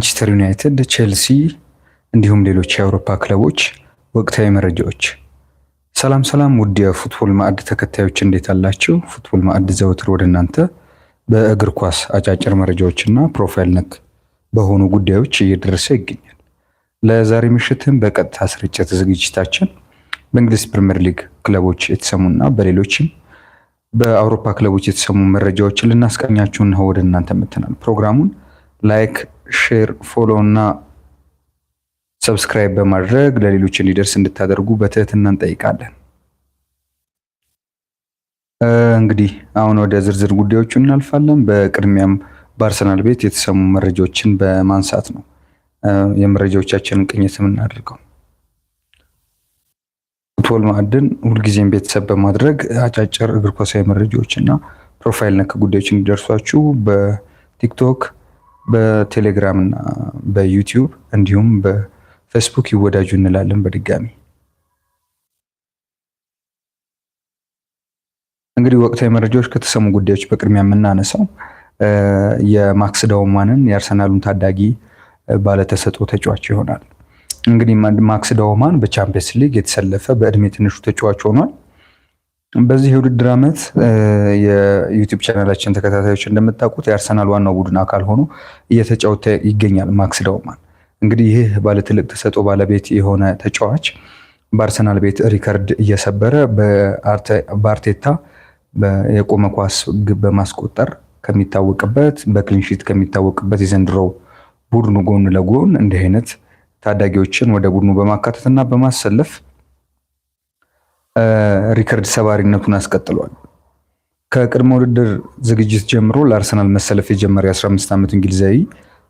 ማንቸስተር ዩናይትድ፣ ቼልሲ እንዲሁም ሌሎች የአውሮፓ ክለቦች ወቅታዊ መረጃዎች። ሰላም ሰላም! ውድ የፉትቦል ማዕድ ተከታዮች እንዴት አላችሁ? ፉትቦል ማዕድ ዘወትር ወደ እናንተ በእግር ኳስ አጫጭር መረጃዎችና ፕሮፋይል ነክ በሆኑ ጉዳዮች እየደረሰ ይገኛል። ለዛሬ ምሽትም በቀጥታ ስርጭት ዝግጅታችን በእንግሊዝ ፕሪምየር ሊግ ክለቦች የተሰሙና በሌሎችም በአውሮፓ ክለቦች የተሰሙ መረጃዎችን ልናስቃኛችሁ ወደ እናንተ መተናል። ፕሮግራሙን ላይክ ሼር፣ ፎሎ እና ሰብስክራይብ በማድረግ ለሌሎች እንዲደርስ እንድታደርጉ በትህትና እንጠይቃለን። እንግዲህ አሁን ወደ ዝርዝር ጉዳዮቹ እናልፋለን። በቅድሚያም በአርሰናል ቤት የተሰሙ መረጃዎችን በማንሳት ነው የመረጃዎቻችንን ቅኝት የምናደርገው። ፉትቦል ማዕድን ሁልጊዜም ቤተሰብ በማድረግ አጫጭር እግር ኳሳዊ መረጃዎች እና ፕሮፋይል ነክ ጉዳዮች እንዲደርሷችሁ በቲክቶክ በቴሌግራም እና በዩቲዩብ እንዲሁም በፌስቡክ ይወዳጁ እንላለን። በድጋሚ እንግዲህ ወቅታዊ መረጃዎች ከተሰሙ ጉዳዮች በቅድሚያ የምናነሳው የማክስ ዳውማንን የአርሰናሉን ታዳጊ ባለተሰጥኦ ተጫዋች ይሆናል። እንግዲህ ማክስ ዳውማን በቻምፒየንስ ሊግ የተሰለፈ በእድሜ ትንሹ ተጫዋች ሆኗል። በዚህ የውድድር ዓመት የዩቲዩብ ቻናላችን ተከታታዮች እንደምታውቁት የአርሰናል ዋናው ቡድን አካል ሆኖ እየተጫወተ ይገኛል ማክስ ዳውማን። እንግዲህ ይህ ባለትልቅ ተሰጥኦ ባለቤት የሆነ ተጫዋች በአርሰናል ቤት ሪከርድ እየሰበረ በአርቴታ የቆመ ኳስ ግብ በማስቆጠር ከሚታወቅበት በክሊንሺት ከሚታወቅበት የዘንድሮ ቡድኑ ጎን ለጎን እንዲህ አይነት ታዳጊዎችን ወደ ቡድኑ በማካተትና በማሰለፍ ሪከርድ ሰባሪነቱን አስቀጥሏል። ከቅድመ ውድድር ዝግጅት ጀምሮ ለአርሰናል መሰለፍ የጀመረ የ15 ዓመት እንግሊዛዊ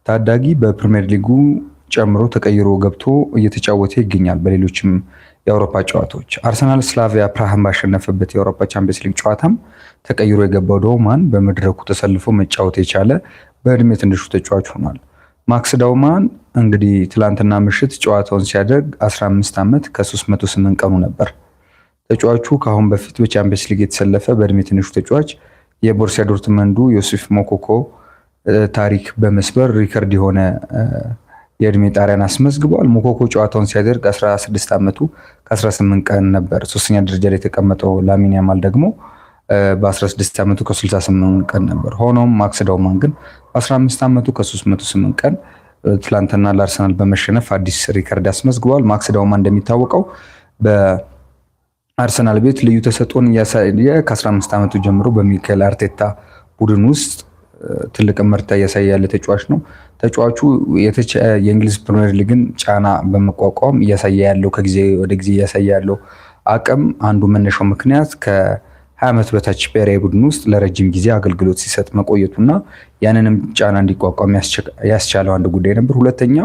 ታዳጊ በፕሪምየር ሊጉ ጨምሮ ተቀይሮ ገብቶ እየተጫወተ ይገኛል። በሌሎችም የአውሮፓ ጨዋታዎች አርሰናል ስላቪያ ፕራሃን ባሸነፈበት የአውሮፓ ቻምፒየንስ ሊግ ጨዋታም ተቀይሮ የገባው ዳውማን በመድረኩ ተሰልፎ መጫወት የቻለ በእድሜ ትንሹ ተጫዋች ሆኗል። ማክስ ዳውማን እንግዲህ ትላንትና ምሽት ጨዋታውን ሲያደርግ 15 ዓመት ከ308 ቀኑ ነበር። ተጫዋቹ ከአሁን በፊት በቻምፒየንስ ሊግ የተሰለፈ በእድሜ ትንሹ ተጫዋች የቦርሲያ ዶርትመንዱ ዮሴፍ ሞኮኮ ታሪክ በመስበር ሪከርድ የሆነ የእድሜ ጣሪያን አስመዝግቧል። ሞኮኮ ጨዋታውን ሲያደርግ 16 ዓመቱ ከ18 ቀን ነበር። ሶስተኛ ደረጃ ላይ የተቀመጠው ላሚን ያማል ደግሞ በ16 ዓመቱ ከ68 ቀን ነበር። ሆኖም ማክስ ዳውማን ግን በ15 ዓመቱ ከ308 ቀን ትላንትና ለአርሰናል በመሸነፍ አዲስ ሪከርድ አስመዝግቧል። ማክስ ዳውማ እንደሚታወቀው በ አርሰናል ቤት ልዩ ተሰጥኦን እያሳየ ከ15 ዓመቱ ጀምሮ በሚካኤል አርቴታ ቡድን ውስጥ ትልቅ ምርታ እያሳየ ያለ ተጫዋች ነው። ተጫዋቹ የእንግሊዝ ፕሪሚየር ሊግን ጫና በመቋቋም እያሳየ ያለው ከጊዜ ወደ ጊዜ እያሳየ ያለው አቅም አንዱ መነሻው ምክንያት ከ20 ዓመት በታች ብሔራዊ ቡድን ውስጥ ለረጅም ጊዜ አገልግሎት ሲሰጥ መቆየቱና ያንንም ጫና እንዲቋቋም ያስቻለው አንድ ጉዳይ ነበር። ሁለተኛ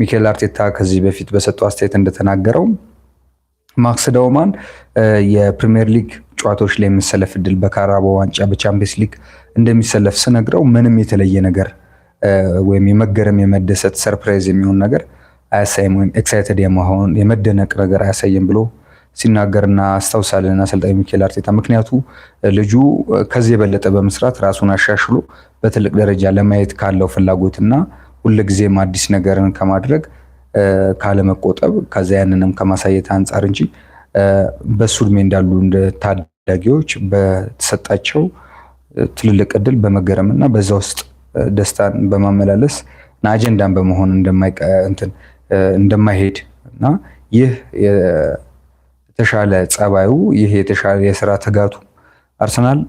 ሚካኤል አርቴታ ከዚህ በፊት በሰጠው አስተያየት እንደተናገረው ማክስ ደውማን የፕሪሚየር ሊግ ጨዋታዎች ላይ የመሰለፍ እድል በካራቦ ዋንጫ በቻምፒየንስ ሊግ እንደሚሰለፍ ስነግረው ምንም የተለየ ነገር ወይም የመገረም የመደሰት ሰርፕራይዝ የሚሆን ነገር አያሳይም ወይም ኤክሳይትድ የመሆን የመደነቅ ነገር አያሳይም ብሎ ሲናገርና አስታውሳለን አሰልጣኝ ሚኬል አርቴታ። ምክንያቱ ልጁ ከዚህ የበለጠ በመስራት ራሱን አሻሽሎ በትልቅ ደረጃ ለማየት ካለው ፍላጎትና ሁልጊዜም አዲስ ነገርን ከማድረግ ካለመቆጠብ ከዚያ ያንንም ከማሳየት አንጻር እንጂ በሱ እድሜ እንዳሉ እንደ ታዳጊዎች በተሰጣቸው ትልልቅ እድል በመገረም እና በዛ ውስጥ ደስታን በማመላለስ እና አጀንዳን በመሆን እንደማይሄድ እና ይህ የተሻለ ጸባዩ ይህ የተሻለ የስራ ትጋቱ አርሰናል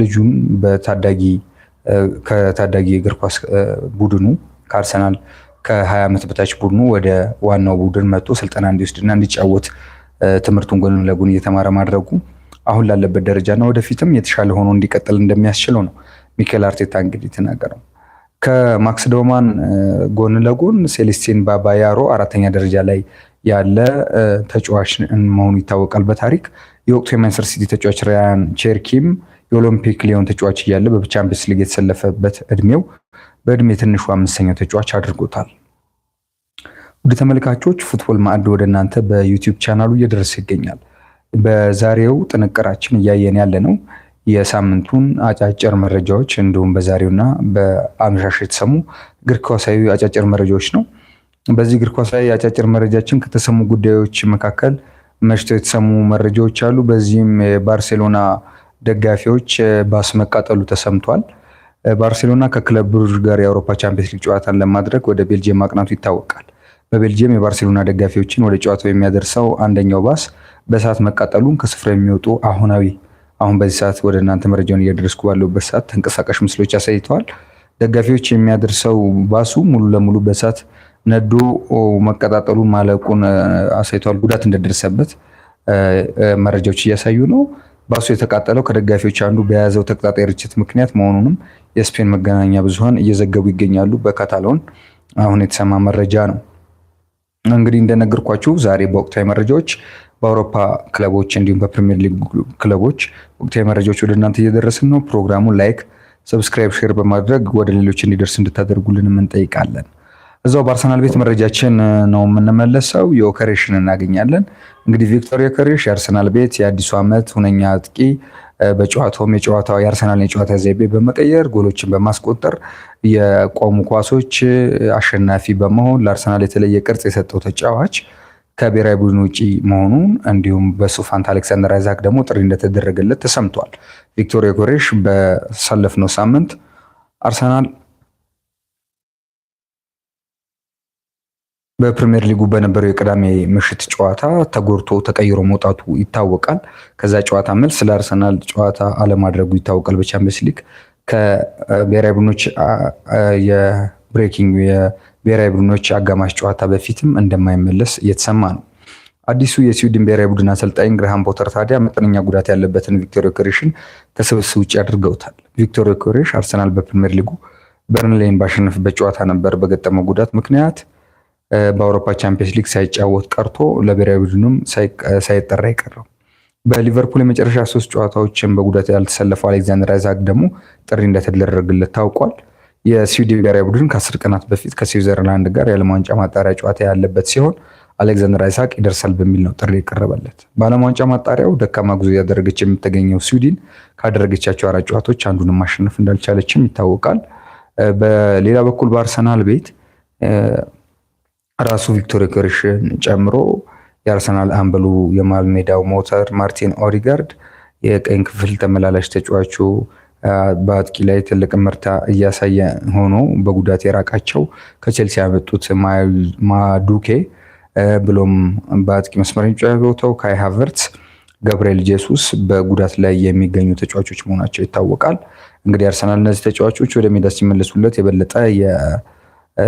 ልጁን በታዳጊ ከታዳጊ እግር ኳስ ቡድኑ ከአርሰናል ከ20 ዓመት በታች ቡድኑ ወደ ዋናው ቡድን መጥቶ ስልጠና እንዲወስድና እንዲጫወት ትምህርቱን ጎን ለጎን እየተማረ ማድረጉ አሁን ላለበት ደረጃና ወደፊትም የተሻለ ሆኖ እንዲቀጥል እንደሚያስችለው ነው ሚኬል አርቴታ እንግዲህ ተናገረው። ከማክስ ዶማን ጎን ለጎን ሴሌስቲን ባባያሮ አራተኛ ደረጃ ላይ ያለ ተጫዋች መሆኑ ይታወቃል። በታሪክ የወቅቱ የማንቸስተር ሲቲ ተጫዋች ራያን ቼርኪም የኦሎምፒክ ሊዮን ተጫዋች እያለ በቻምፒየንስ ሊግ የተሰለፈበት እድሜው በእድሜ ትንሹ አምስተኛው ተጫዋች አድርጎታል። ወደ ተመልካቾች ፉትቦል ማዕድ ወደ እናንተ በዩቲዩብ ቻናሉ እየደረሰ ይገኛል። በዛሬው ጥንቅራችን እያየን ያለ ነው የሳምንቱን አጫጭር መረጃዎች እንዲሁም በዛሬውና በአመሻሽ የተሰሙ እግር ኳሳዊ አጫጭር መረጃዎች ነው። በዚህ እግር ኳሳዊ አጫጭር መረጃችን ከተሰሙ ጉዳዮች መካከል መሽቶ የተሰሙ መረጃዎች አሉ። በዚህም የባርሴሎና ደጋፊዎች ባስ መቃጠሉ ተሰምቷል። ባርሴሎና ከክለብ ብሩዥ ጋር የአውሮፓ ቻምፒየንስ ሊግ ጨዋታን ለማድረግ ወደ ቤልጅየም ማቅናቱ ይታወቃል። በቤልጅየም የባርሴሎና ደጋፊዎችን ወደ ጨዋታው የሚያደርሰው አንደኛው ባስ በሰዓት መቃጠሉን ከስፍራ የሚወጡ አሁናዊ አሁን በዚህ ሰዓት ወደ እናንተ መረጃውን እያደረስኩ ባለሁበት ሰዓት ተንቀሳቃሽ ምስሎች አሳይተዋል። ደጋፊዎች የሚያደርሰው ባሱ ሙሉ ለሙሉ በሰዓት ነዶ መቀጣጠሉን ማለቁን አሳይተዋል። ጉዳት እንደደረሰበት መረጃዎች እያሳዩ ነው። ባሱ የተቃጠለው ከደጋፊዎች አንዱ በያዘው ተቀጣጣይ ርችት ምክንያት መሆኑንም የስፔን መገናኛ ብዙሀን እየዘገቡ ይገኛሉ። በካታሎን አሁን የተሰማ መረጃ ነው። እንግዲህ እንደነገርኳችሁ ዛሬ በወቅታዊ መረጃዎች በአውሮፓ ክለቦች እንዲሁም በፕሪሚየር ሊግ ክለቦች ወቅታዊ መረጃዎች ወደ እናንተ እየደረስን ነው። ፕሮግራሙን ላይክ፣ ሰብስክራይብ፣ ሼር በማድረግ ወደ ሌሎች እንዲደርስ እንድታደርጉልን እንጠይቃለን። እዛው በአርሰናል ቤት መረጃችን ነው የምንመለሰው። የኦከሬሽን እናገኛለን። እንግዲህ ቪክቶር ዮከሬሽ የአርሰናል ቤት የአዲሱ ዓመት ሁነኛ አጥቂ በጨዋታውም የጨዋታ የአርሰናል የጨዋታ ዘይቤ በመቀየር ጎሎችን በማስቆጠር የቆሙ ኳሶች አሸናፊ በመሆን ለአርሰናል የተለየ ቅርጽ የሰጠው ተጫዋች ከብሔራዊ ቡድን ውጪ መሆኑን እንዲሁም በሱፋንት አሌክሳንደር አይዛክ ደግሞ ጥሪ እንደተደረገለት ተሰምቷል። ቪክቶር ዮከሬሽ በሰለፍነው ሳምንት አርሰናል በፕሪምየር ሊጉ በነበረው የቅዳሜ ምሽት ጨዋታ ተጎድቶ ተቀይሮ መውጣቱ ይታወቃል። ከዛ ጨዋታ መልስ ለአርሰናል ጨዋታ አለማድረጉ ይታወቃል። በቻምፒየንስ ሊግ ከብሔራዊ ቡድኖች የብሬኪንግ የብሔራዊ ቡድኖች አጋማሽ ጨዋታ በፊትም እንደማይመለስ እየተሰማ ነው። አዲሱ የስዊድን ብሔራዊ ቡድን አሰልጣኝ ግርሃም ፖተር ታዲያ መጠነኛ ጉዳት ያለበትን ቪክቶር ዮኬሬሽን ከስብስብ ውጭ አድርገውታል። ቪክቶር ዮኬሬሽ አርሰናል በፕሪምየር ሊጉ በርንሌይን ባሸነፍበት ጨዋታ ነበር በገጠመው ጉዳት ምክንያት በአውሮፓ ቻምፒየንስ ሊግ ሳይጫወት ቀርቶ ለብሔራዊ ቡድኑም ሳይጠራ አይቀረም። በሊቨርፑል የመጨረሻ ሶስት ጨዋታዎችን በጉዳት ያልተሰለፈው አሌክዛንደር አይዛክ ደግሞ ጥሪ እንደተደረገለት ታውቋል። የስዊድን ብሔራዊ ቡድን ከአስር ቀናት በፊት ከስዊዘርላንድ ጋር የዓለም ዋንጫ ማጣሪያ ጨዋታ ያለበት ሲሆን አሌክዛንደር አይሳቅ ይደርሳል በሚል ነው ጥሪ የቀረበለት። በዓለም ዋንጫ ማጣሪያው ደካማ ጉዞ እያደረገች የምትገኘው ስዊድን ካደረገቻቸው አራት ጨዋታዎች አንዱንም ማሸነፍ እንዳልቻለችም ይታወቃል። በሌላ በኩል በአርሰናል ቤት ራሱ ቪክቶሪ ዮኬሬሽን ጨምሮ የአርሰናል አምበሉ የመሃል ሜዳው ሞተር ማርቲን ኦዲጋርድ የቀኝ ክፍል ተመላላሽ ተጫዋቹ በአጥቂ ላይ ትልቅ ምርታ እያሳየ ሆኖ በጉዳት የራቃቸው ከቼልሲ ያመጡት ማዱኬ ብሎም በአጥቂ መስመር የሚጫወተው ካይ ሃቨርትስ፣ ገብርኤል ጄሱስ በጉዳት ላይ የሚገኙ ተጫዋቾች መሆናቸው ይታወቃል። እንግዲህ አርሰናል እነዚህ ተጫዋቾች ወደ ሜዳ ሲመለሱለት የበለጠ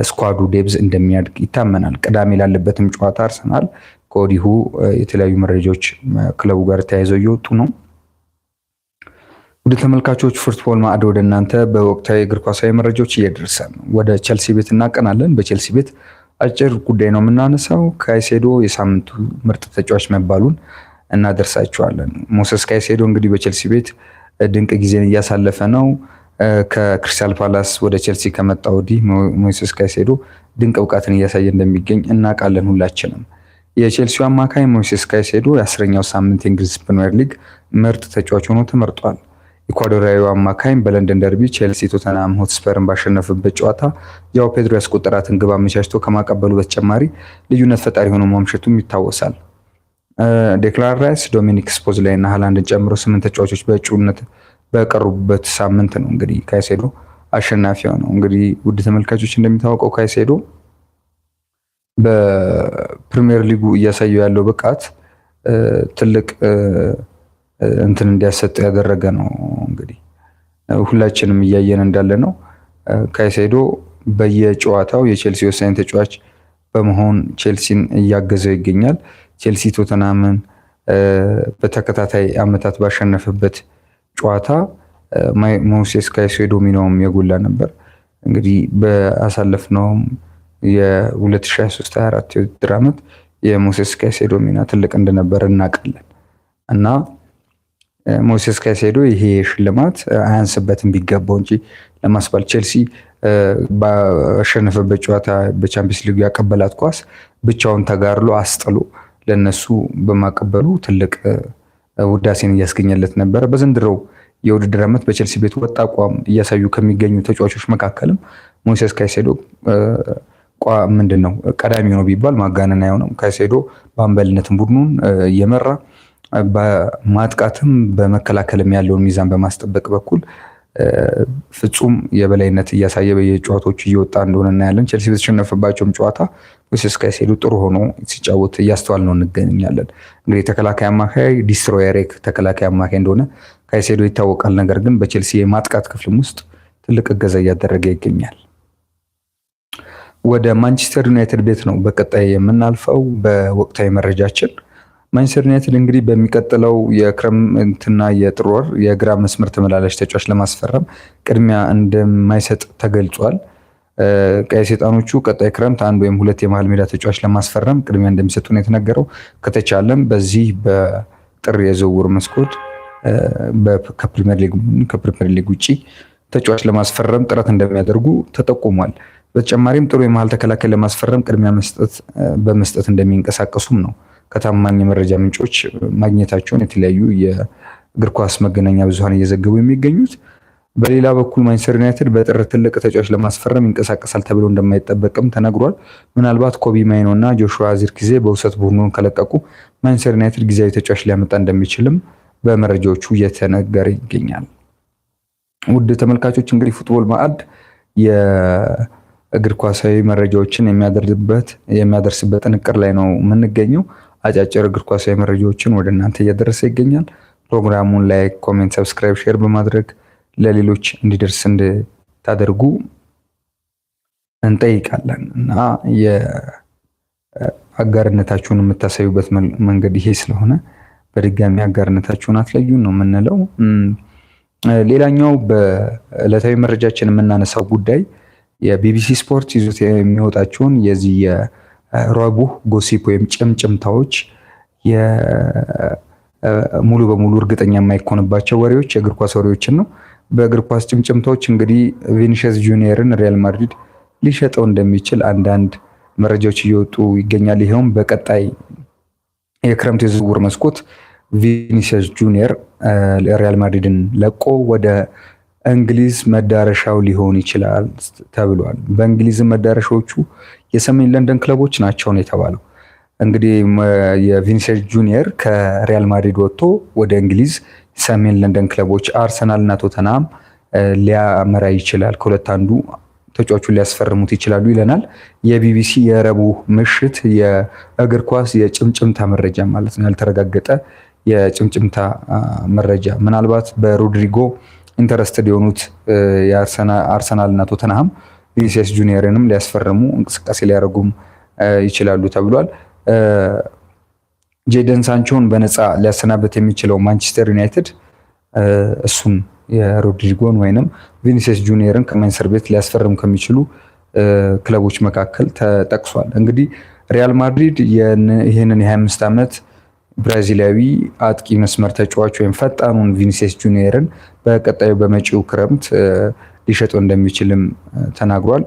ስኳዱ ዴብዝ እንደሚያድግ ይታመናል። ቅዳሜ ላለበትም ጨዋታ አርሰናል ከወዲሁ የተለያዩ መረጃዎች ክለቡ ጋር ተያይዘው እየወጡ ነው። ወደ ተመልካቾች ፉትቦል ማዕድ ወደ እናንተ በወቅታዊ እግር ኳሳዊ መረጃዎች እየደረሰ ነው። ወደ ቸልሲ ቤት እናቀናለን። በቸልሲ ቤት አጭር ጉዳይ ነው የምናነሳው። ካይሴዶ የሳምንቱ ምርጥ ተጫዋች መባሉን እናደርሳቸዋለን። ሞሰስ ካይሴዶ እንግዲህ በቸልሲ ቤት ድንቅ ጊዜን እያሳለፈ ነው። ከክሪስታል ፓላስ ወደ ቼልሲ ከመጣ ወዲህ ሞይሴስ ካይሴዶ ድንቅ ብቃትን እያሳየ እንደሚገኝ እናውቃለን ሁላችንም። የቼልሲው አማካይ ሞይሴስ ካይሴዶ የአስረኛው ሳምንት የእንግሊዝ ፕሪምየር ሊግ ምርጥ ተጫዋች ሆኖ ተመርጧል። ኢኳዶሪያዊ አማካይም በለንደን ደርቢ ቼልሲ ቶተናም ሆትስፐርን ባሸነፍበት ጨዋታ ያው ፔድሮ ያስቆጠራትን ግብ አመቻችቶ ከማቀበሉ በተጨማሪ ልዩነት ፈጣሪ ሆኖ ማምሸቱም ይታወሳል። ዴክላን ራይስ፣ ዶሚኒክ ስፖዝላይ እና ሃላንድን ጨምሮ ስምንት ተጫዋቾች በእጩነት በቀሩበት ሳምንት ነው እንግዲህ ካይሴዶ አሸናፊ ነው። እንግዲህ ውድ ተመልካቾች እንደሚታወቀው ካይሴዶ በፕሪሚየር ሊጉ እያሳየው ያለው ብቃት ትልቅ እንትን እንዲያሰጠው ያደረገ ነው። እንግዲህ ሁላችንም እያየን እንዳለ ነው። ካይሴዶ በየጨዋታው የቼልሲ ወሳኝ ተጫዋች በመሆን ቼልሲን እያገዘው ይገኛል። ቼልሲ ቶተናምን በተከታታይ ዓመታት ባሸነፈበት ጨዋታ ሞሴስ ካይሴዶ ሚናውም የጎላ ነበር። እንግዲህ በአሳለፍነውም የ2023/24 የውድድር ዓመት የሞሴስ ካይሴዶ ሚና ትልቅ እንደነበር እናውቃለን እና ሞሴስ ካይሴዶ ይሄ ሽልማት አያንስበትም ቢገባው እንጂ ለማስባል ቼልሲ ባሸነፈበት ጨዋታ በቻምፒየንስ ሊግ ያቀበላት ኳስ ብቻውን ተጋርሎ አስጥሎ ለነሱ በማቀበሉ ትልቅ ውዳሴን እያስገኘለት ነበረ። በዘንድሮው የውድድር ዓመት በቼልሲ ቤት ወጥ አቋም እያሳዩ ከሚገኙ ተጫዋቾች መካከልም ሞይሴስ ካይሴዶ ምንድን ነው ቀዳሚ ነው ቢባል ማጋነን አይሆንም። ካይሴዶ በአምበልነትም ቡድኑን እየመራ በማጥቃትም በመከላከልም ያለውን ሚዛን በማስጠበቅ በኩል ፍጹም የበላይነት እያሳየ በየጨዋታዎቹ እየወጣ እንደሆነ እናያለን። ቼልሲ በተሸነፈባቸውም ጨዋታ እስከ ሲሄዱ ጥሩ ሆኖ ሲጫወት እያስተዋል ነው እንገኛለን። እንግዲህ ተከላካይ አማካይ ዲስትሮየሬክ ተከላካይ አማካይ እንደሆነ ካይሴዶ ይታወቃል። ነገር ግን በቼልሲ የማጥቃት ክፍልም ውስጥ ትልቅ እገዛ እያደረገ ይገኛል። ወደ ማንቸስተር ዩናይትድ ቤት ነው በቀጣይ የምናልፈው በወቅታዊ መረጃችን። ማንቸስተር ዩናይትድ እንግዲህ በሚቀጥለው የክረምትና የጥር ወር የግራ መስመር ተመላላሽ ተጫዋች ለማስፈረም ቅድሚያ እንደማይሰጥ ተገልጿል። ቀይ ሰይጣኖቹ ቀጣይ ክረምት አንድ ወይም ሁለት የመሀል ሜዳ ተጫዋች ለማስፈረም ቅድሚያ እንደሚሰጡ ነው የተነገረው። ከተቻለም በዚህ በጥር የዝውውር መስኮት ከፕሪሚየር ሊግ ውጭ ተጫዋች ለማስፈረም ጥረት እንደሚያደርጉ ተጠቁሟል። በተጨማሪም ጥሩ የመሀል ተከላካይ ለማስፈረም ቅድሚያ መስጠት በመስጠት እንደሚንቀሳቀሱም ነው ከታማኝ የመረጃ ምንጮች ማግኘታቸውን የተለያዩ የእግር ኳስ መገናኛ ብዙሀን እየዘገቡ የሚገኙት። በሌላ በኩል ማንቸስተር ዩናይትድ በጥር ትልቅ ተጫዋች ለማስፈረም ይንቀሳቀሳል ተብሎ እንደማይጠበቅም ተነግሯል። ምናልባት ኮቢ ማይኖ እና ጆሹዋ ዚርክዜ በውሰት ቡድኑን ከለቀቁ ማንቸስተር ዩናይትድ ጊዜያዊ ተጫዋች ሊያመጣ እንደሚችልም በመረጃዎቹ እየተነገረ ይገኛል። ውድ ተመልካቾች እንግዲህ ፉትቦል ማዕድ የእግር ኳሳዊ መረጃዎችን የሚያደርስበት ጥንቅር ላይ ነው የምንገኘው። አጫጭር እግር ኳሳዊ መረጃዎችን ወደ እናንተ እያደረሰ ይገኛል። ፕሮግራሙን ላይክ፣ ኮሜንት፣ ሰብስክራይብ፣ ሼር በማድረግ ለሌሎች እንዲደርስ እንድታደርጉ እንጠይቃለን እና የአጋርነታችሁን የምታሳዩበት መንገድ ይሄ ስለሆነ በድጋሚ አጋርነታችሁን አትለዩን ነው የምንለው። ሌላኛው በዕለታዊ መረጃችን የምናነሳው ጉዳይ የቢቢሲ ስፖርት ይዞት የሚወጣቸውን የዚህ የረቡዕ ጎሲፕ ወይም ጭምጭምታዎች ሙሉ በሙሉ እርግጠኛ የማይኮንባቸው ወሬዎች የእግር ኳስ ወሬዎችን ነው። በእግር ኳስ ጭምጭምቶች እንግዲህ ቪኒሽስ ጁኒየርን ሪያል ማድሪድ ሊሸጠው እንደሚችል አንዳንድ መረጃዎች እየወጡ ይገኛል። ይኸውም በቀጣይ የክረምት የዝውውር መስኮት ቪኒሽስ ጁኒየር ሪያል ማድሪድን ለቆ ወደ እንግሊዝ መዳረሻው ሊሆን ይችላል ተብሏል። በእንግሊዝ መዳረሻዎቹ የሰሜን ለንደን ክለቦች ናቸው ነው የተባለው። እንግዲህ የቪኒሽስ ጁኒየር ከሪያል ማድሪድ ወጥቶ ወደ እንግሊዝ ሰሜን ለንደን ክለቦች አርሰናል እና ቶተናም ሊያመራ ይችላል። ከሁለት አንዱ ተጫዋቹን ሊያስፈርሙት ይችላሉ ይለናል የቢቢሲ የረቡዕ ምሽት የእግር ኳስ የጭምጭምታ መረጃ ማለት ነው። ያልተረጋገጠ የጭምጭምታ መረጃ ምናልባት በሮድሪጎ ኢንተረስትድ የሆኑት አርሰናል እና ቶተናሃም ቪኒሲየስ ጁኒየርንም ሊያስፈርሙ እንቅስቃሴ ሊያደርጉም ይችላሉ ተብሏል። ጄደን ሳንቾን በነፃ ሊያሰናበት የሚችለው ማንቸስተር ዩናይትድ እሱን የሮድሪጎን ወይንም ቪኒሲየስ ጁኒየርን ከማንቸስተር ቤት ሊያስፈርም ከሚችሉ ክለቦች መካከል ተጠቅሷል። እንግዲህ ሪያል ማድሪድ ይህንን የ25 ዓመት ብራዚላዊ አጥቂ መስመር ተጫዋች ወይም ፈጣኑን ቪኒሲየስ ጁኒየርን በቀጣዩ በመጪው ክረምት ሊሸጠው እንደሚችልም ተናግሯል።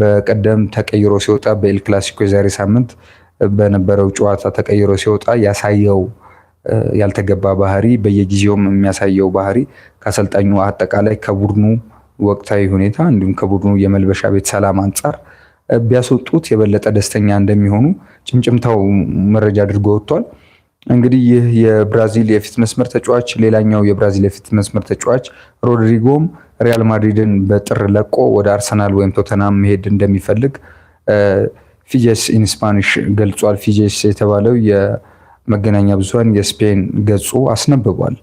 በቀደም ተቀይሮ ሲወጣ በኤል ክላሲኮ የዛሬ ሳምንት በነበረው ጨዋታ ተቀይሮ ሲወጣ ያሳየው ያልተገባ ባህሪ በየጊዜውም የሚያሳየው ባህሪ ከአሰልጣኙ አጠቃላይ ከቡድኑ ወቅታዊ ሁኔታ እንዲሁም ከቡድኑ የመልበሻ ቤት ሰላም አንጻር ቢያስወጡት የበለጠ ደስተኛ እንደሚሆኑ ጭምጭምታው መረጃ አድርጎ ወጥቷል። እንግዲህ ይህ የብራዚል የፊት መስመር ተጫዋች ሌላኛው የብራዚል የፊት መስመር ተጫዋች ሮድሪጎም ሪያል ማድሪድን በጥር ለቆ ወደ አርሰናል ወይም ቶተናም መሄድ እንደሚፈልግ ፊጀስ ኢንስፓኒሽ ገልጿል። ፊጀስ የተባለው የመገናኛ ብዙሃን የስፔን ገጹ አስነብቧል።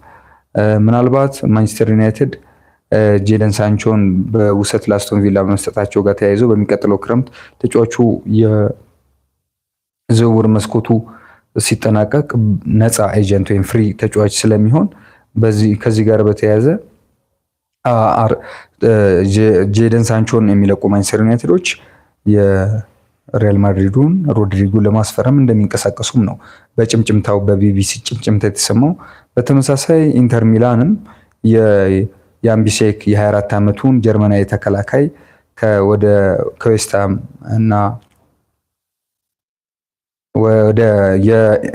ምናልባት ማንቸስተር ዩናይትድ ጄደን ሳንቾን በውሰት ላስቶን ቪላ በመስጠታቸው ጋር ተያይዞ በሚቀጥለው ክረምት ተጫዋቹ የዝውውር መስኮቱ ሲጠናቀቅ ነፃ ኤጀንት ወይም ፍሪ ተጫዋች ስለሚሆን ከዚህ ጋር በተያያዘ ጄደን ሳንቾን የሚለቁ ማንቸስተር ዩናይትዶች ሪያል ማድሪዱን ሮድሪጎ ለማስፈረም እንደሚንቀሳቀሱም ነው በጭምጭምታው በቢቢሲ ጭምጭምታ የተሰማው። በተመሳሳይ ኢንተር ሚላንም የአምቢሴክ የ24 ዓመቱን ጀርመናዊ ተከላካይ ወደ ከዌስታም እና ወደ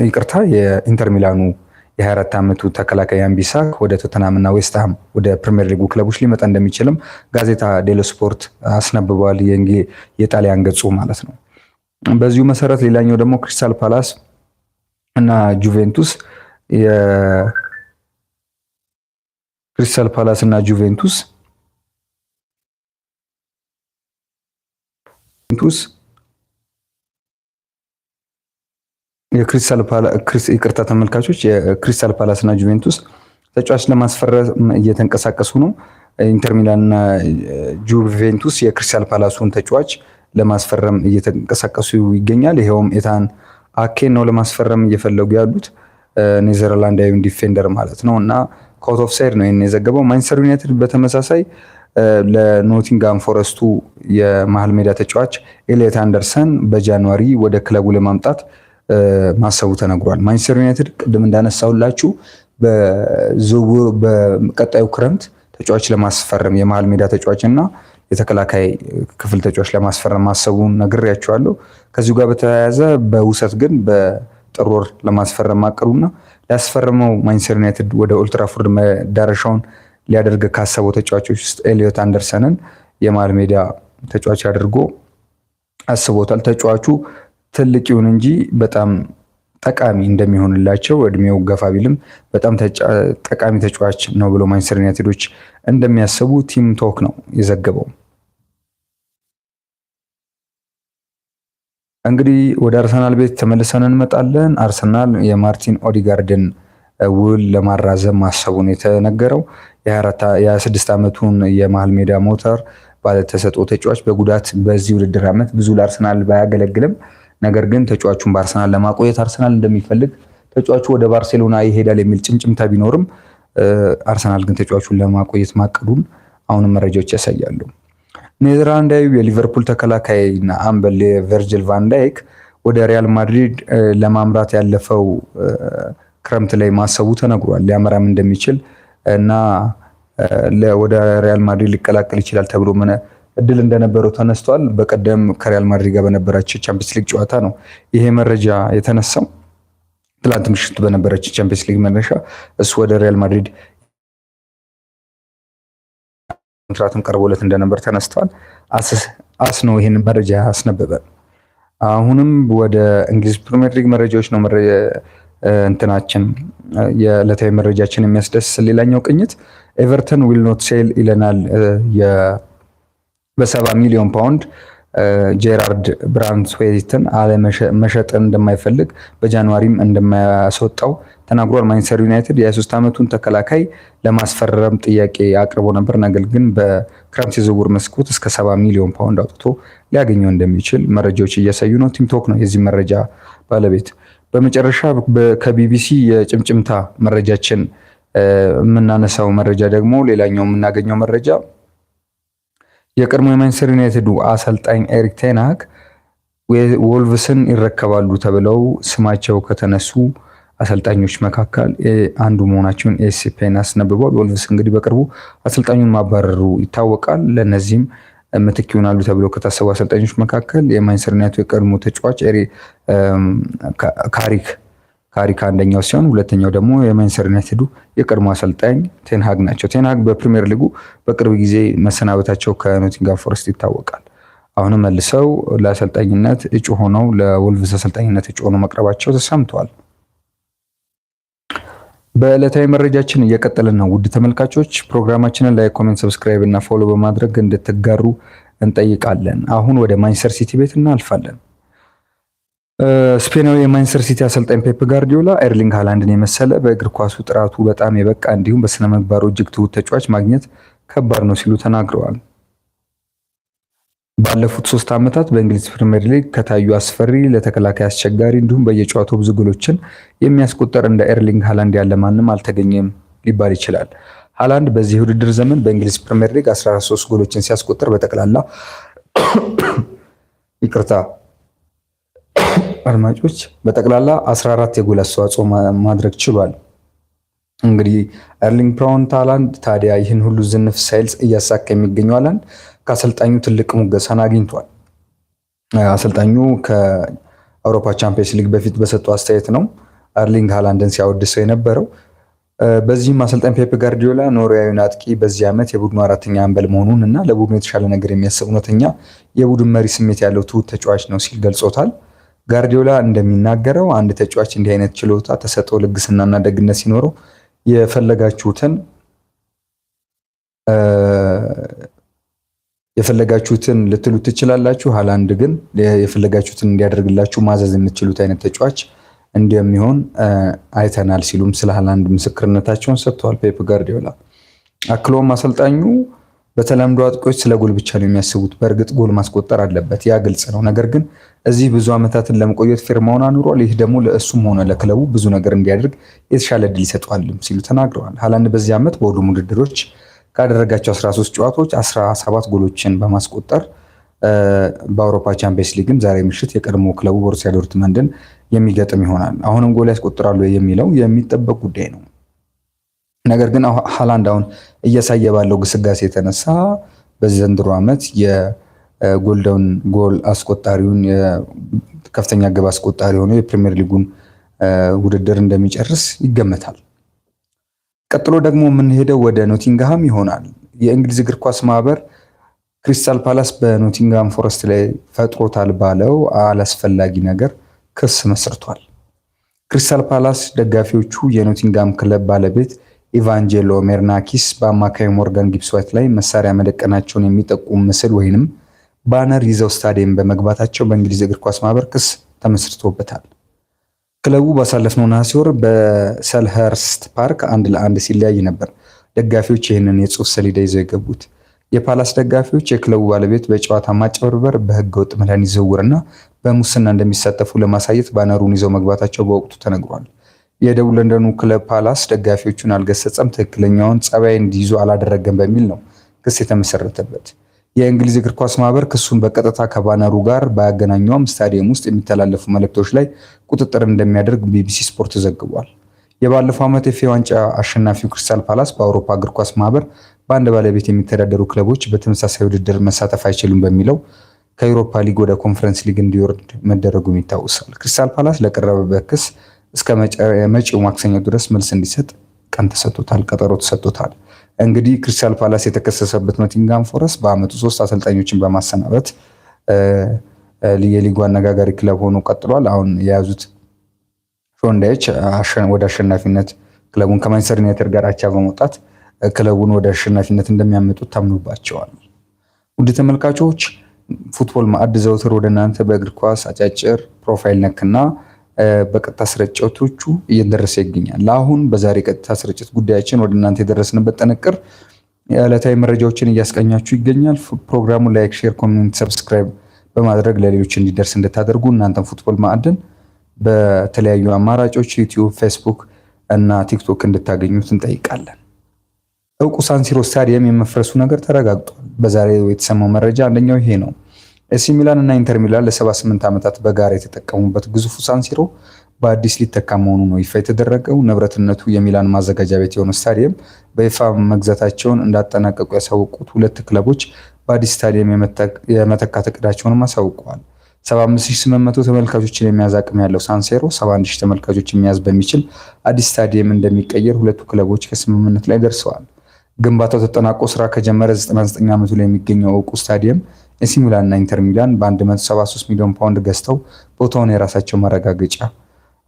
ይቅርታ የኢንተር ሚላኑ የ24 ዓመቱ ተከላካይ አምቢሳክ ወደ ቶተናምና ዌስትሃም ወደ ፕሪምየር ሊጉ ክለቦች ሊመጣ እንደሚችልም ጋዜጣ ዴሎ ስፖርት አስነብበዋል። የጣሊያን ገጹ ማለት ነው። በዚሁ መሰረት ሌላኛው ደግሞ ክሪስታል ፓላስ እና ጁቬንቱስ ክሪስታል ፓላስ እና ጁቬንቱስ የክሪስታል ፓላስ ይቅርታ ተመልካቾች፣ የክሪስታል ፓላስ እና ጁቬንቱስ ተጫዋች ለማስፈረም እየተንቀሳቀሱ ነው። ኢንተር ሚላን እና ጁቬንቱስ የክሪስታል ፓላሱን ተጫዋች ለማስፈረም እየተንቀሳቀሱ ይገኛል። ይኸውም ኤታን አኬን ነው ለማስፈረም እየፈለጉ ያሉት ኔዘርላንዳዊን ዲፌንደር ማለት ነው። እና ካውት ኦፍ ሳይድ ነው ይህን የዘገበው። ማንቸስተር ዩናይትድ በተመሳሳይ ለኖቲንጋም ፎረስቱ የመሀል ሜዳ ተጫዋች ኤሌት አንደርሰን በጃንዋሪ ወደ ክለቡ ለማምጣት ማሰቡ ተነግሯል። ማንቸስተር ዩናይትድ ቅድም እንዳነሳሁላችሁ በዝውውር በቀጣዩ ክረምት ተጫዋች ለማስፈረም የመሀል ሜዳ ተጫዋች እና የተከላካይ ክፍል ተጫዋች ለማስፈረም ማሰቡን ነግሬያቸዋለሁ። ከዚሁ ጋር በተያያዘ በውሰት ግን በጥር ወር ለማስፈረም ማቀዱና ሊያስፈርመው ማንቸስተር ዩናይትድ ወደ ኦልትራፎርድ መዳረሻውን ሊያደርግ ካሰበው ተጫዋቾች ውስጥ ኤሊዮት አንደርሰንን የመሃል ሜዳ ተጫዋች አድርጎ አስቦታል። ተጫዋቹ ትልቅ ይሁን እንጂ በጣም ጠቃሚ እንደሚሆንላቸው እድሜው ገፋ ቢልም በጣም ጠቃሚ ተጫዋች ነው ብሎ ማንቸስተር ዩናይትዶች እንደሚያስቡ ቲም ቶክ ነው የዘገበው። እንግዲህ ወደ አርሰናል ቤት ተመልሰን እንመጣለን። አርሰናል የማርቲን ኦዲጋርድን ውል ለማራዘም ማሰቡን የተነገረው የ26 ዓመቱን የመሀል ሜዳ ሞተር ባለተሰጥኦ ተጫዋች በጉዳት በዚህ ውድድር ዓመት ብዙ ለአርሰናል ባያገለግልም ነገር ግን ተጫዋቹን በአርሰናል ለማቆየት አርሰናል እንደሚፈልግ ተጫዋቹ ወደ ባርሴሎና ይሄዳል የሚል ጭምጭምታ ቢኖርም አርሰናል ግን ተጫዋቹን ለማቆየት ማቀዱን አሁንም መረጃዎች ያሳያሉ። ኔዘርላንዳዊ የሊቨርፑል ተከላካይና አምበል ቨርጅል ቫንዳይክ ወደ ሪያል ማድሪድ ለማምራት ያለፈው ክረምት ላይ ማሰቡ ተነግሯል። ሊያመራም እንደሚችል እና ወደ ሪያል ማድሪድ ሊቀላቀል ይችላል ተብሎ እድል እንደነበረው ተነስቷል። በቀደም ከሪያል ማድሪድ ጋር በነበራቸው ቻምፒየንስ ሊግ ጨዋታ ነው ይሄ መረጃ የተነሳው። ትላንት ምሽት በነበረችው ቻምፒየንስ ሊግ መነሻ እሱ ወደ ሪያል ማድሪድ ኮንትራትም ቀርቦለት እንደነበር ተነስተዋል። አስ ነው ይህን መረጃ አስነበበ። አሁንም ወደ እንግሊዝ ፕሪሚየር ሊግ መረጃዎች ነው እንትናችን የዕለታዊ መረጃችን የሚያስደስት ሌላኛው ቅኝት ኤቨርተን ዊል ኖት ሴል ይለናል። በሰባ ሚሊዮን ፓውንድ ጄራርድ ብራንስዌትን አለመሸጥን እንደማይፈልግ በጃንዋሪም እንደማያስወጣው ተናግሯል። ማንቸስተር ዩናይትድ የ23 ዓመቱን ተከላካይ ለማስፈረም ጥያቄ አቅርቦ ነበር። ነገር ግን በክረምት የዝውውር መስኮት እስከ 70 ሚሊዮን ፓውንድ አውጥቶ ሊያገኘው እንደሚችል መረጃዎች እያሳዩ ነው። ቲምቶክ ነው የዚህ መረጃ ባለቤት። በመጨረሻ ከቢቢሲ የጭምጭምታ መረጃችን የምናነሳው መረጃ ደግሞ ሌላኛው የምናገኘው መረጃ የቀድሞ የማንቸስተር ዩናይትዱ አሰልጣኝ ኤሪክ ቴናክ ወልቭስን ይረከባሉ ተብለው ስማቸው ከተነሱ አሰልጣኞች መካከል አንዱ መሆናቸውን ኤስፔን አስነብቧል። ወልቭስ እንግዲህ በቅርቡ አሰልጣኙን ማባረሩ ይታወቃል። ለእነዚህም ምትክ ይሆናሉ ተብለው ከታሰቡ አሰልጣኞች መካከል የማንቸስተር ዩናይትድ የቀድሞ ተጫዋች ካሪክ ካሪካ አንደኛው ሲሆን ሁለተኛው ደግሞ የማንቸስተር ዩናይትዱ የቀድሞ አሰልጣኝ ቴንሃግ ናቸው። ቴንሃግ በፕሪሚየር ሊጉ በቅርብ ጊዜ መሰናበታቸው ከኖቲንጋም ፎረስት ይታወቃል። አሁንም መልሰው ለአሰልጣኝነት እጩ ሆነው ለወልቭስ አሰልጣኝነት እጩ ሆነው መቅረባቸው ተሰምተዋል። በዕለታዊ መረጃችን እየቀጠለን ነው። ውድ ተመልካቾች ፕሮግራማችንን ላይ ኮሜንት፣ ሰብስክራይብ እና ፎሎ በማድረግ እንድትጋሩ እንጠይቃለን። አሁን ወደ ማንችስተር ሲቲ ቤት እናልፋለን። ስፔናዊ የማንቸስተር ሲቲ አሰልጣኝ ፔፕ ጋርዲዮላ ኤርሊንግ ሃላንድን የመሰለ በእግር ኳሱ ጥራቱ በጣም የበቃ እንዲሁም በስነ ምግባሩ እጅግ ትሁት ተጫዋች ማግኘት ከባድ ነው ሲሉ ተናግረዋል። ባለፉት ሶስት ዓመታት በእንግሊዝ ፕሪምየር ሊግ ከታዩ አስፈሪ፣ ለተከላካይ አስቸጋሪ እንዲሁም በየጨዋታው ብዙ ጎሎችን የሚያስቆጠር እንደ ኤርሊንግ ሃላንድ ያለ ማንም አልተገኘም ሊባል ይችላል። ሃላንድ በዚህ ውድድር ዘመን በእንግሊዝ ፕሪምየር ሊግ 13 ጎሎችን ሲያስቆጠር በጠቅላላ ይቅርታ አድማጮች በጠቅላላ 14 የጎል አስተዋጽኦ ማድረግ ችሏል። እንግዲህ ኤርሊንግ ብራውን ታላንድ ታዲያ ይህን ሁሉ ዝንፍ ሳይልስ እያሳካ የሚገኘው ሃላንድ ከአሰልጣኙ ትልቅ ሙገሳን አግኝቷል። አሰልጣኙ ከአውሮፓ ቻምፒየንስ ሊግ በፊት በሰጡ አስተያየት ነው አርሊንግ ሃላንድን ሲያወድሰው የነበረው። በዚህም አሰልጣኝ ፔፕ ጋርዲዮላ ኖርዌያዊውን አጥቂ በዚህ ዓመት የቡድኑ አራተኛ አንበል መሆኑን እና ለቡድኑ የተሻለ ነገር የሚያስብ እውነተኛ የቡድን መሪ ስሜት ያለው ትሁት ተጫዋች ነው ሲል ገልጾታል። ጋርዲዮላ እንደሚናገረው አንድ ተጫዋች እንዲህ አይነት ችሎታ፣ ተሰጦ ልግስናና ደግነት ሲኖረው የፈለጋችሁትን የፈለጋችሁትን ልትሉ ትችላላችሁ። ሀላንድ ግን የፈለጋችሁትን እንዲያደርግላችሁ ማዘዝ የምትችሉት አይነት ተጫዋች እንደሚሆን አይተናል ሲሉም ስለ ሀላንድ ምስክርነታቸውን ሰጥተዋል ፔፕ ጋርዲዮላ። አክሎም አሰልጣኙ በተለምዶ አጥቂዎች ስለ ጎል ብቻ ነው የሚያስቡት። በእርግጥ ጎል ማስቆጠር አለበት፣ ያ ግልጽ ነው። ነገር ግን እዚህ ብዙ ዓመታትን ለመቆየት ፊርማውን አኑሯል። ይህ ደግሞ ለእሱም ሆነ ለክለቡ ብዙ ነገር እንዲያደርግ የተሻለ ድል ይሰጠዋልም ሲሉ ተናግረዋል። ሀላንድ በዚህ ዓመት በሁሉም ውድድሮች ካደረጋቸው 13 ጨዋታዎች 17 ጎሎችን በማስቆጠር በአውሮፓ ቻምፒየንስ ሊግም ዛሬ ምሽት የቀድሞ ክለቡ ቦሩሲያ ዶርትመንድን የሚገጥም ይሆናል። አሁንም ጎል ያስቆጥራሉ የሚለው የሚጠበቅ ጉዳይ ነው። ነገር ግን ሃላንድ አሁን እያሳየ ባለው ግስጋሴ የተነሳ በዘንድሮ ዓመት የጎልደን ጎል አስቆጣሪውን ከፍተኛ ግብ አስቆጣሪ ሆኖ የፕሪሚየር ሊጉን ውድድር እንደሚጨርስ ይገመታል። ቀጥሎ ደግሞ የምንሄደው ወደ ኖቲንግሃም ይሆናል። የእንግሊዝ እግር ኳስ ማህበር ክሪስታል ፓላስ በኖቲንግሃም ፎረስት ላይ ፈጥሮታል ባለው አላስፈላጊ ነገር ክስ መስርቷል። ክሪስታል ፓላስ ደጋፊዎቹ የኖቲንግሃም ክለብ ባለቤት ኢቫንጀሎ ሜርናኪስ በአማካዩ ሞርጋን ጊብስ ዋይት ላይ መሳሪያ መደቀናቸውን የሚጠቁም ምስል ወይንም ባነር ይዘው ስታዲየም በመግባታቸው በእንግሊዝ እግር ኳስ ማህበር ክስ ተመስርቶበታል። ክለቡ ባሳለፍነው ነሐሴ ወር በሰልኸርስት ፓርክ አንድ ለአንድ ሲለያይ ነበር ደጋፊዎች ይህንን የጽሁፍ ሰሌዳ ይዘው የገቡት። የፓላስ ደጋፊዎች የክለቡ ባለቤት በጨዋታ ማጨበርበር፣ በህገወጥ መድኃኒት ዝውውርና በሙስና እንደሚሳተፉ ለማሳየት ባነሩን ይዘው መግባታቸው በወቅቱ ተነግሯል። የደቡብ ለንደኑ ክለብ ፓላስ ደጋፊዎቹን አልገሰጸም፣ ትክክለኛውን ጸባይ እንዲይዙ አላደረገም በሚል ነው ክስ የተመሰረተበት። የእንግሊዝ እግር ኳስ ማህበር ክሱን በቀጥታ ከባነሩ ጋር ባያገናኘውም ስታዲየም ውስጥ የሚተላለፉ መልእክቶች ላይ ቁጥጥር እንደሚያደርግ ቢቢሲ ስፖርት ዘግቧል። የባለፈው ዓመት የኤፍኤ ዋንጫ አሸናፊው ክሪስታል ፓላስ በአውሮፓ እግር ኳስ ማህበር በአንድ ባለቤት የሚተዳደሩ ክለቦች በተመሳሳይ ውድድር መሳተፍ አይችሉም በሚለው ከዩሮፓ ሊግ ወደ ኮንፈረንስ ሊግ እንዲወርድ መደረጉም ይታወሳል። ክሪስታል ፓላስ ለቀረበበት ክስ እስከ መጪው ማክሰኞ ድረስ መልስ እንዲሰጥ ቀን ተሰጥቶታል፣ ቀጠሮ ተሰጥቶታል። እንግዲህ ክሪስታል ፓላስ የተከሰሰበት ኖቲንጋም ፎረስት በአመቱ ሶስት አሰልጣኞችን በማሰናበት የሊጉ አነጋጋሪ ክለብ ሆኖ ቀጥሏል። አሁን የያዙት ሾንዳይች ወደ አሸናፊነት ክለቡን ከማንቸስተር ዩናይትድ ጋር አቻ በመውጣት ክለቡን ወደ አሸናፊነት እንደሚያመጡት ታምኖባቸዋል። ውድ ተመልካቾች ፉትቦል ማዕድ ዘውትር ወደ እናንተ በእግር ኳስ አጫጭር ፕሮፋይል ነክና በቀጥታ ስርጭቶቹ እየደረሰ ይገኛል። ለአሁን በዛሬ ቀጥታ ስርጭት ጉዳያችን ወደ እናንተ የደረስንበት ጥንቅር የዕለታዊ መረጃዎችን እያስቀኛችሁ ይገኛል። ፕሮግራሙን ላይክ፣ ሼር፣ ኮሜንት፣ ሰብስክራይብ በማድረግ ለሌሎች እንዲደርስ እንድታደርጉ እናንተን ፉትቦል ማዕድን በተለያዩ አማራጮች ዩቲዩብ፣ ፌስቡክ እና ቲክቶክ እንድታገኙት እንጠይቃለን። እውቁ ሳንሲሮ ስታዲየም የመፍረሱ ነገር ተረጋግጧል። በዛሬ የተሰማው መረጃ አንደኛው ይሄ ነው። ኤሲ ሚላን እና ኢንተር ሚላን ለ78 ዓመታት በጋራ የተጠቀሙበት ግዙፉ ሳንሲሮ በአዲስ ሊተካ መሆኑ ነው ይፋ የተደረገው። ንብረትነቱ የሚላን ማዘጋጃ ቤት የሆነ ስታዲየም በይፋ መግዛታቸውን እንዳጠናቀቁ ያሳወቁት ሁለት ክለቦች በአዲስ ስታዲየም የመተካት እቅዳቸውንም አሳውቀዋል። 75800 ተመልካቾችን የሚያዝ አቅም ያለው ሳንሴሮ 71000 ተመልካቾች የሚያዝ በሚችል አዲስ ስታዲየም እንደሚቀየር ሁለቱ ክለቦች ከስምምነት ላይ ደርሰዋል። ግንባታው ተጠናቆ ስራ ከጀመረ 99 ዓመቱ ላይ የሚገኘው እውቁ ስታዲየም ኤሲ ሚላን እና ኢንተር ሚላን በ173 ሚሊዮን ፓውንድ ገዝተው ቦታውን የራሳቸው ማረጋገጫ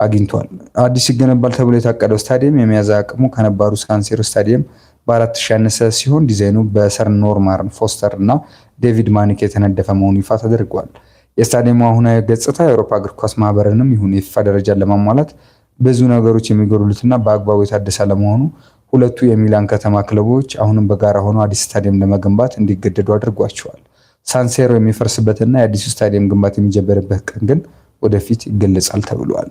አግኝቷል። አዲስ ይገነባል ተብሎ የታቀደው ስታዲየም የመያዝ አቅሙ ከነባሩ ሳንሴሮ ስታዲየም በአራት ሺ ያነሰ ሲሆን ዲዛይኑ በሰር ኖርማን ፎስተር እና ዴቪድ ማኒክ የተነደፈ መሆኑ ይፋ ተደርጓል። የስታዲየሙ አሁናዊ ገጽታ የአውሮፓ እግር ኳስ ማህበርንም ይሁን የፊፋ ደረጃን ለማሟላት ብዙ ነገሮች የሚጎድሉትና በአግባቡ የታደሰ ለመሆኑ ሁለቱ የሚላን ከተማ ክለቦች አሁንም በጋራ ሆነው አዲስ ስታዲየም ለመገንባት እንዲገደዱ አድርጓቸዋል። ሳንሴሮ የሚፈርስበትና የአዲሱ ስታዲየም ግንባታ የሚጀበርበት ቀን ግን ወደፊት ይገለጻል ተብሏል።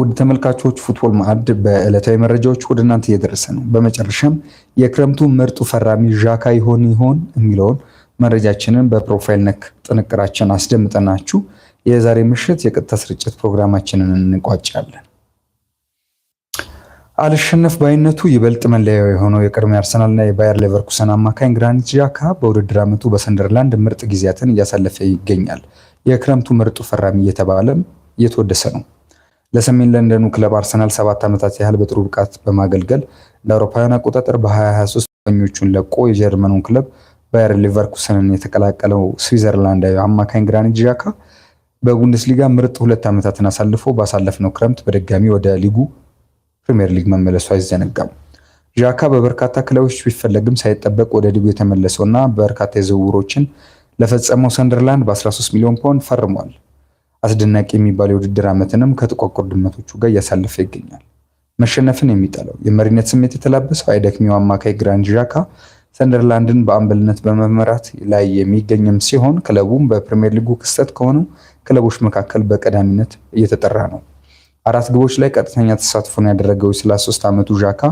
ውድ ተመልካቾች ፉትቦል ማዕድ በዕለታዊ መረጃዎች ወደ እናንተ እየደረሰ ነው። በመጨረሻም የክረምቱ ምርጡ ፈራሚ ዣካ ይሆን ይሆን የሚለውን መረጃችንን በፕሮፋይል ነክ ጥንቅራችን አስደምጠናችሁ የዛሬ ምሽት የቀጥታ ስርጭት ፕሮግራማችንን እንቋጫለን። አልሸነፍ ባይነቱ ይበልጥ መለያው የሆነው የቀድሞ የአርሰናልና የባየር ሌቨርኩሰን አማካኝ ግራኒት ዣካ በውድድር ዓመቱ በሰንደርላንድ ምርጥ ጊዜያትን እያሳለፈ ይገኛል። የክረምቱ ምርጡ ፈራሚ እየተባለም እየተወደሰ ነው። ለሰሜን ለንደኑ ክለብ አርሰናል ሰባት ዓመታት ያህል በጥሩ ብቃት በማገልገል እንደ አውሮፓውያን አቆጣጠር በ2023 ኞቹን ለቆ የጀርመኑን ክለብ ባየር ሌቨርኩሰንን የተቀላቀለው ስዊዘርላንዳዊ አማካኝ ግራኒት ዣካ በቡንደስሊጋ ምርጥ ሁለት ዓመታትን አሳልፎ ባሳለፍነው ክረምት በድጋሚ ወደ ሊጉ ፕሪምየር ሊግ መመለሱ አይዘነጋም። ዣካ በበርካታ ክለቦች ቢፈለግም ሳይጠበቅ ወደ ሊጉ የተመለሰውና በርካታ የዝውውሮችን ለፈጸመው ሰንደርላንድ በ13 ሚሊዮን ፓውንድ ፈርሟል። አስደናቂ የሚባል የውድድር ዓመትንም ከጥቋቁር ድመቶቹ ጋር እያሳለፈ ይገኛል። መሸነፍን የሚጠላው የመሪነት ስሜት የተላበሰው አይደክሚው አማካይ ግራንድ ዣካ ሰንደርላንድን በአምበልነት በመምራት ላይ የሚገኝም ሲሆን ክለቡም በፕሪምየር ሊጉ ክስተት ከሆኑ ክለቦች መካከል በቀዳሚነት እየተጠራ ነው። አራት ግቦች ላይ ቀጥተኛ ተሳትፎን ያደረገው የ ሶስት ዓመቱ ዣካ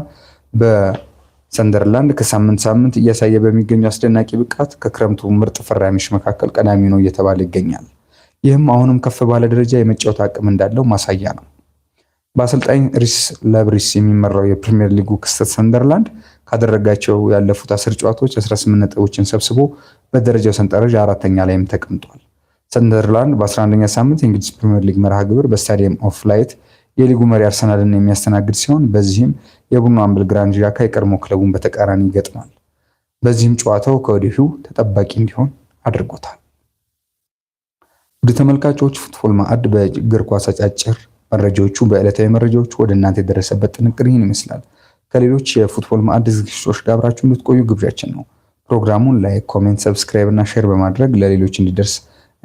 በሰንደርላንድ ከሳምንት ሳምንት እያሳየ በሚገኙ አስደናቂ ብቃት ከክረምቱ ምርጥ ፈራሚዎች መካከል ቀዳሚ ነው እየተባለ ይገኛል። ይህም አሁንም ከፍ ባለ ደረጃ የመጫወት አቅም እንዳለው ማሳያ ነው። በአሰልጣኝ ሪስ ለብሪስ የሚመራው የፕሪሚየር ሊጉ ክስተት ሰንደርላንድ ካደረጋቸው ያለፉት አስር ጨዋታዎች 18 ነጥቦችን ሰብስቦ በደረጃው ሰንጠረዥ አራተኛ ላይም ተቀምጧል። ሰንደርላንድ በ11ኛ ሳምንት የእንግሊዝ ፕሪምየር ሊግ መርሃ ግብር በስታዲየም ኦፍ ላይት የሊጉ መሪ አርሰናልን የሚያስተናግድ ሲሆን በዚህም የቡኑ አምበል ግራንድ ዣካ የቀድሞ ክለቡን በተቃራኒ ይገጥማል። በዚህም ጨዋታው ከወዲሁ ተጠባቂ እንዲሆን አድርጎታል። ውድ ተመልካቾች ፉትቦል ማዕድ በእግር ኳስ አጫጭር መረጃዎቹ በዕለታዊ መረጃዎቹ ወደ እናንተ የደረሰበት ጥንቅር ይህን ይመስላል። ከሌሎች የፉትቦል ማዕድ ዝግጅቶች ጋር አብራችሁ እንድትቆዩ ግብዣችን ነው። ፕሮግራሙን ላይክ፣ ኮሜንት፣ ሰብስክራይብ እና ሼር በማድረግ ለሌሎች እንዲደርስ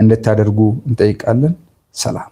እንድታደርጉ እንጠይቃለን። ሰላም